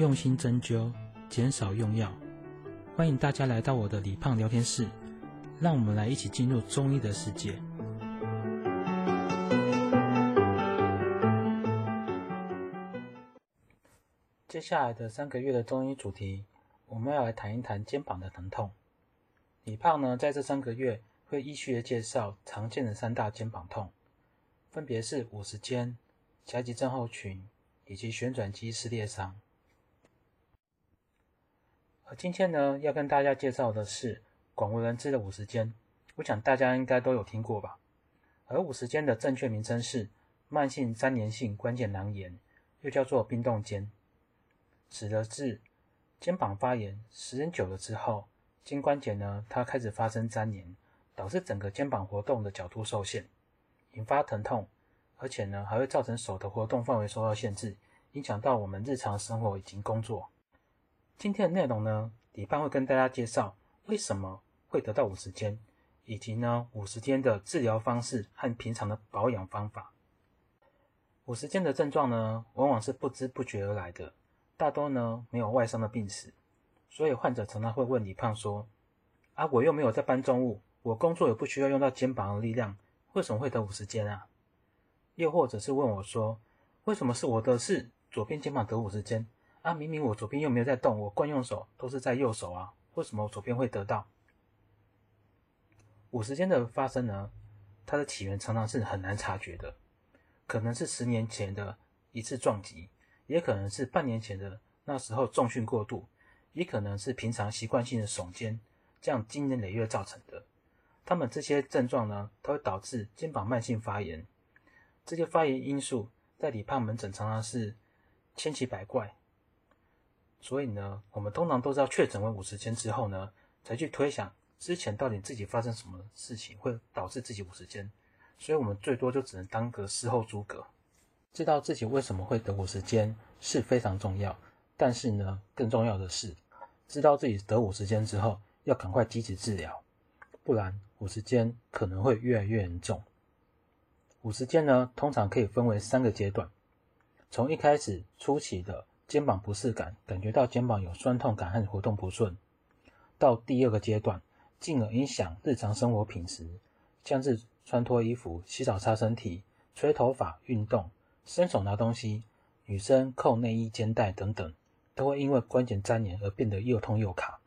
用心針灸，減少用藥。歡迎大家來到我的李胖聊天室，讓我們來一起進入中醫的世界。接下來的三個月的中醫主題，我們要來談一談肩膀的疼痛。李胖呢，在這三個月會依序的介紹常見的三大肩膀痛，分別是五十肩、夾肌症候群以及旋轉肌撕裂傷。而今天呢，要跟大家介紹的是廣為人知的五十肩。我想大家應該都有聽過吧？而五十肩的正確名稱是慢性粘連性關節囊炎，又叫做冰凍肩，指的是肩膀發炎時間久了之後，肩關節呢，它開始發生粘連，導致整個肩膀活動的角度受限，引發疼痛，而且呢還會造成手的活動範圍受到限制，影響到我們日常生活以及工作。今天的內容呢，李胖會跟大家介紹為什麼會得到五十肩，以及呢五十肩的治療方式和平常的保養方法。五十肩的症狀呢，往往是不知不覺而來的，大多呢沒有外傷的病史，所以患者常常會問李胖說：“啊，我又沒有在搬重物，我工作也不需要用到肩膀的力量，為什麼會得五十肩啊？”又或者是問我說：“為什麼是我的是左邊肩膀得五十肩？”啊，明明我左邊又沒有在動，我慣用手都是在右手啊，為什麼我左邊會得到？五十肩的發生呢，它的起源常常是很難察覺的，可能是十年前的一次撞擊，也可能是半年前的那時候重訓過度，也可能是平常習慣性的聳肩，這樣經年累月造成的。他們這些症狀呢，它會導致肩膀慢性發炎，這些發炎因素在李胖門診常常是千奇百怪。所以呢，我們通常都是要確診為五十肩之後呢，才去推想之前到底自己發生什麼事情會導致自己五十肩。所以我們最多就只能當個事後諸葛，知道自己為什麼會得五十肩是非常重要。但是呢，更重要的是，知道自己得五十肩之後要趕快積極治療，不然五十肩可能會越來越嚴重。五十肩呢，通常可以分為三個階段，從一開始初期的。肩膀不適感，感覺到肩膀有酸痛感和活動不順，到第二個階段，進而影響日常生活品質，像是穿脫衣服、洗澡、擦身體、吹頭髮、運動、伸手拿東西、女生扣內衣肩帶等等，都會因為關節粘連而變得又痛又卡。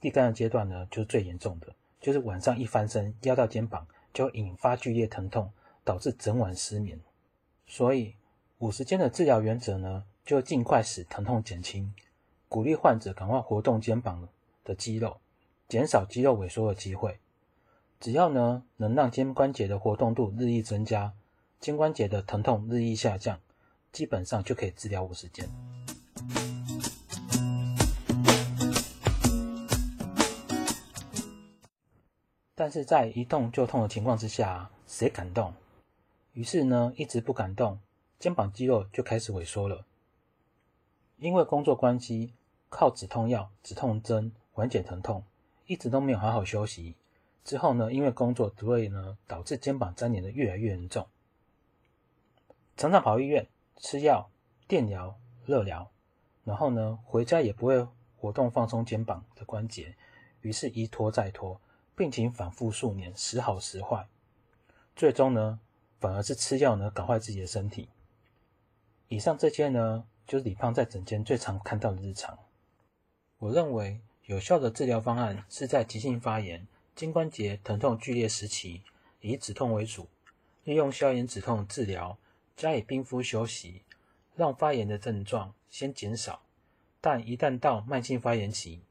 第三個階段呢，就是最嚴重的，就是晚上一翻身，壓到肩膀，就引發劇烈疼痛，導致整晚失眠。所以五十肩的治療原則呢？就盡快使疼痛減輕，鼓勵患者趕快活動肩膀的肌肉，減少肌肉萎縮的機會。只要呢能讓肩關節的活動度日益增加，肩關節的疼痛日益下降，基本上就可以治療五十肩。但是在一動就痛的情況之下，誰敢動？於是呢一直不敢動，肩膀肌肉就開始萎縮了。因為工作關係，靠止痛藥、止痛針緩解疼痛，一直都沒有好好休息。之後呢，因為工作，所以呢，導致肩膀沾黏得越來越嚴重，常常跑醫院吃藥、電療、熱療，然後呢，回家也不會活動放鬆肩膀的關節，於是一拖再拖，病情反覆數年，時好時壞，最終呢，反而是吃藥呢，搞壞自己的身體。以上這些呢，就是李胖在診間最常看到的日常。我認為有效的治療方案是在急性發炎、肩關節疼痛劇烈時期，以止痛為主，利用消炎止痛治療，加以冰敷休息，讓發炎的症狀先減少。但一旦到慢性發炎期，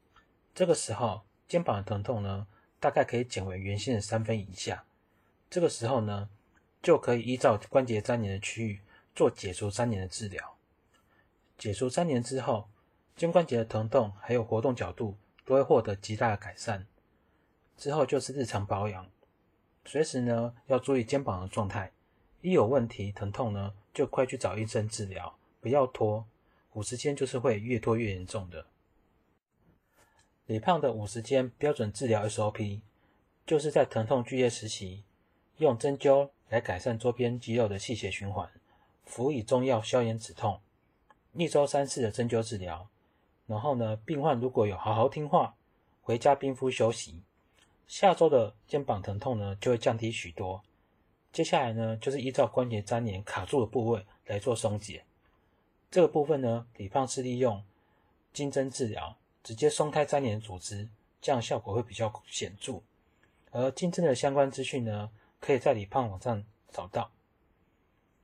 這個時候肩膀的疼痛呢，大概可以減為原先的三分以下。這個時候呢，就可以依照關節粘連的區域做解除粘連的治療。解除三年之後，肩關節的疼痛還有活動角度都會獲得極大的改善。之後就是日常保養，隨時呢要注意肩膀的狀態，一有問題疼痛呢就快去找醫生治療，不要拖。五十肩就是會越拖越嚴重的。李胖的五十肩標準治療 SOP，就是在疼痛劇烈時期，用針灸來改善周邊肌肉的氣血循環，輔以中藥消炎止痛。一周三次的針灸治療，然後呢，病患如果有好好聽話，回家冰敷休息，下周的肩膀疼痛呢就會降低許多。接下來呢，就是依照關節粘連卡住的部位來做鬆解。這個部分呢，李胖是利用金針治療，直接鬆開粘連組織，這樣效果會比較顯著。而金針的相關資訊呢，可以在李胖網站找到。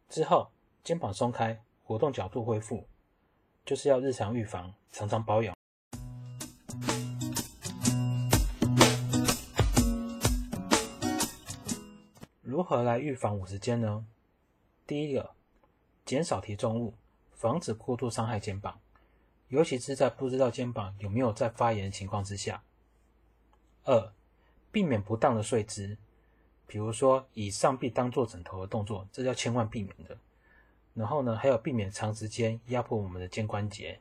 之後肩膀鬆開，活動角度恢復。就是要日常預防，常常保養。如何來預防五十肩呢？第一個，減少提重物，防止過度傷害肩膀，尤其是在不知道肩膀有沒有在發炎情況之下。二，避免不當的睡姿，比如說以上臂當作枕頭的動作，這要千萬避免的。然後呢，還有避免長時間壓迫我們的肩關節。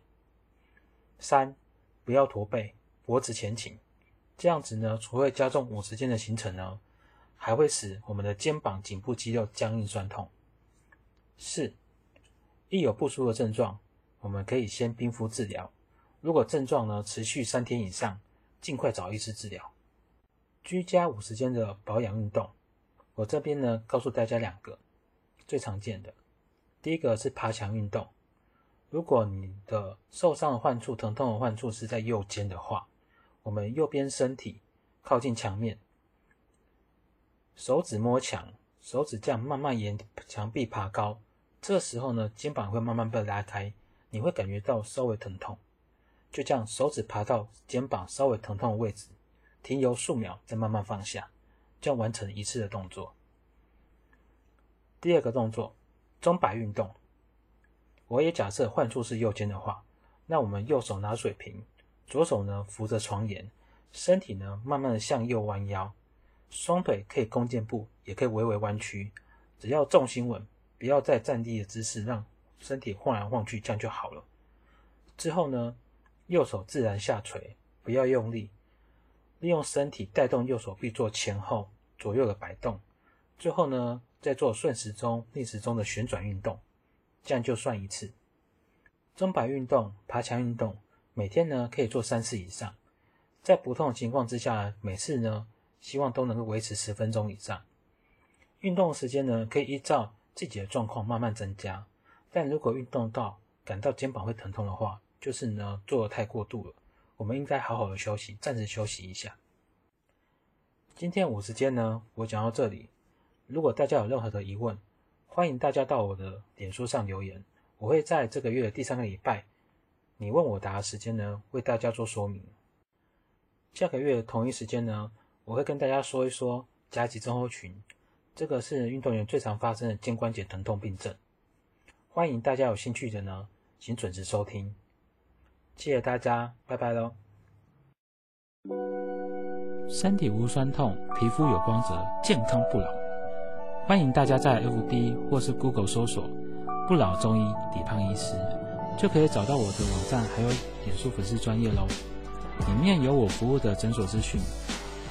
三，不要駝背、脖子前傾，這樣子呢，除了加重五十肩的形成呢，還會使我們的肩膀、頸部肌肉僵硬酸痛。四，一有不舒服的症狀，我們可以先冰敷治療。如果症狀呢持續三天以上，儘快找醫師治療。居家五十肩的保養運動，我這邊呢告訴大家兩個最常見的。第一個是爬牆運動。如果你的受傷的患處、疼痛的患處是在右肩的話，我們右邊身體靠近牆面，手指摸牆，手指這樣慢慢沿牆壁爬高。這時候呢，肩膀會慢慢被拉開，你會感覺到稍微疼痛。就這樣，手指爬到肩膀稍微疼痛的位置，停留數秒，再慢慢放下，這樣完成一次的動作。第二個動作。鐘擺運動，我也假設患處是右肩的話，那我們右手拿水瓶，左手呢扶着床沿，身體呢慢慢的向右彎腰，雙腿可以弓箭步，也可以微微彎曲，只要重心穩，不要在站立的姿勢讓身體晃來晃去，這樣就好了。之後呢，右手自然下垂，不要用力，利用身體帶動右手臂做前後、左右的擺動。最後呢，再做順時鐘、逆時鐘的旋轉運動，這樣就算一次。鐘擺運動、爬牆運動，每天呢可以做三次以上。在不痛的情況之下，每次呢希望都能夠維持十分鐘以上。運動時間呢可以依照自己的狀況慢慢增加，但如果運動到感到肩膀會疼痛的話，就是呢做得太過度了。我們應該好好的休息，暫時休息一下。今天五十肩呢，我講到這裡。如果大家有任何的疑問，歡迎大家到我的臉書上留言，我會在這個月的第三個禮拜，你問我答的時間呢，為大家做說明。下個月的同一時間呢，我會跟大家說一說夾擠症候群，這個是運動員最常發生的肩關節疼痛病症。歡迎大家有興趣的呢，請準時收聽。謝謝大家，拜拜嘍。身體無痠痛，皮膚有光澤，健康不老。歡迎大家在 FB 或是 Google 搜索“不老中醫、李胖醫師”，就可以找到我的網站，還有臉書粉絲專業咯，裡面有我服務的診所資訊，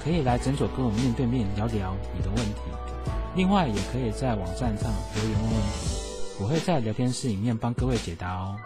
可以來診所跟我面對面聊聊你的問題。另外，也可以在網站上留言問問題，我會在聊天室裡面幫各位解答哦。